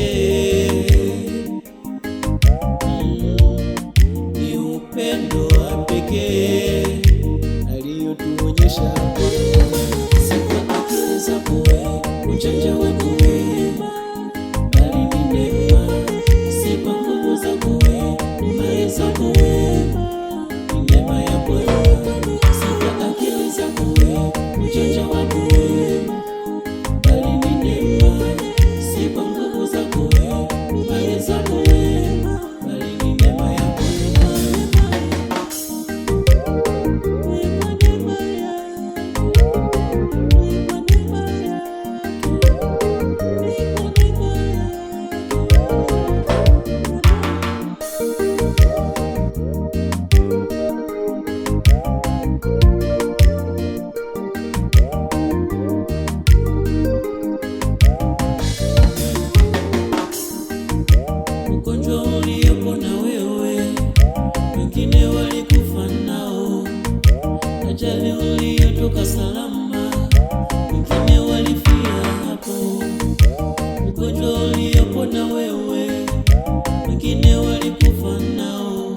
wake ni upendo wa pekee aliyotuonyesha. ujanja bali ni neema. nguvu ni neema ya Bwana. ujanja leo na wewe, wengine walikufa nao, ajali uliyotoka salama, wengine walifia hapo. Ugonjwa uliyopo na wewe, wengine walikufa nao,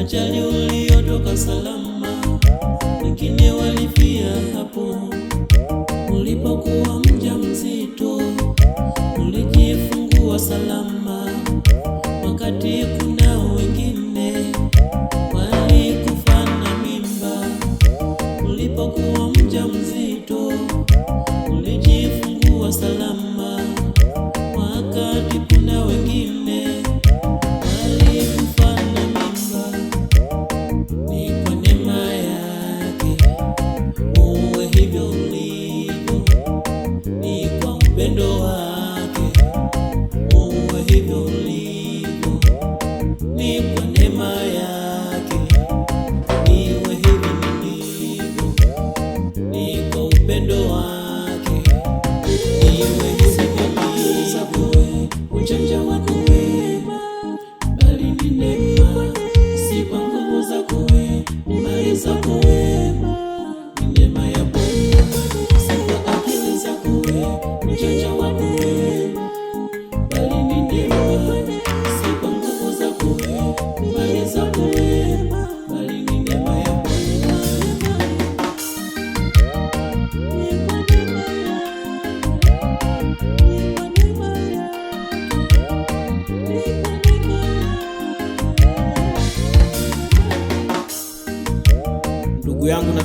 ajali uliyotoka salama, wengine walifia hapo ulipokuwa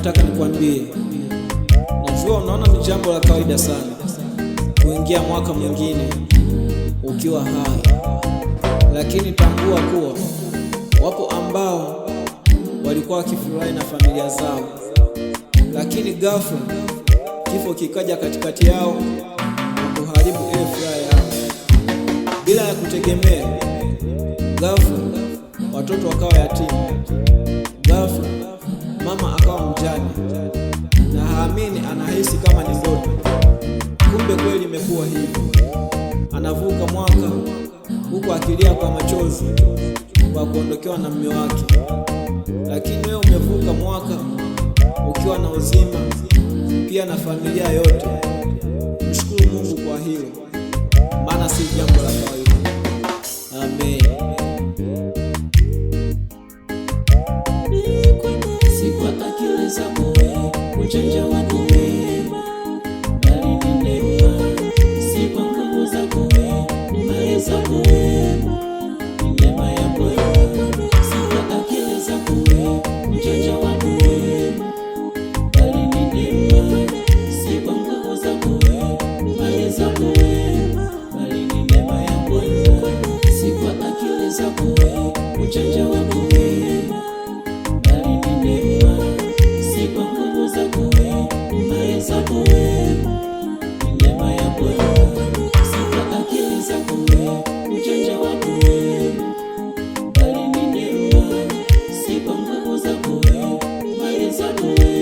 nataka nikwambie, najua unaona ni jambo la kawaida sana kuingia mwaka mwingine ukiwa hai, lakini tambua kuwa wapo ambao walikuwa wakifurahi na familia zao, lakini ghafla kifo kikaja katikati yao na kuharibu ile furaha yao bila ya kutegemea. Ghafla watoto wakawa yatima. wa kuondokewa na mume wake, lakini wewe umevuka mwaka ukiwa na uzima pia na familia yote. Mshukuru Mungu kwa hilo, maana si jambo la kawaida. Amen. you.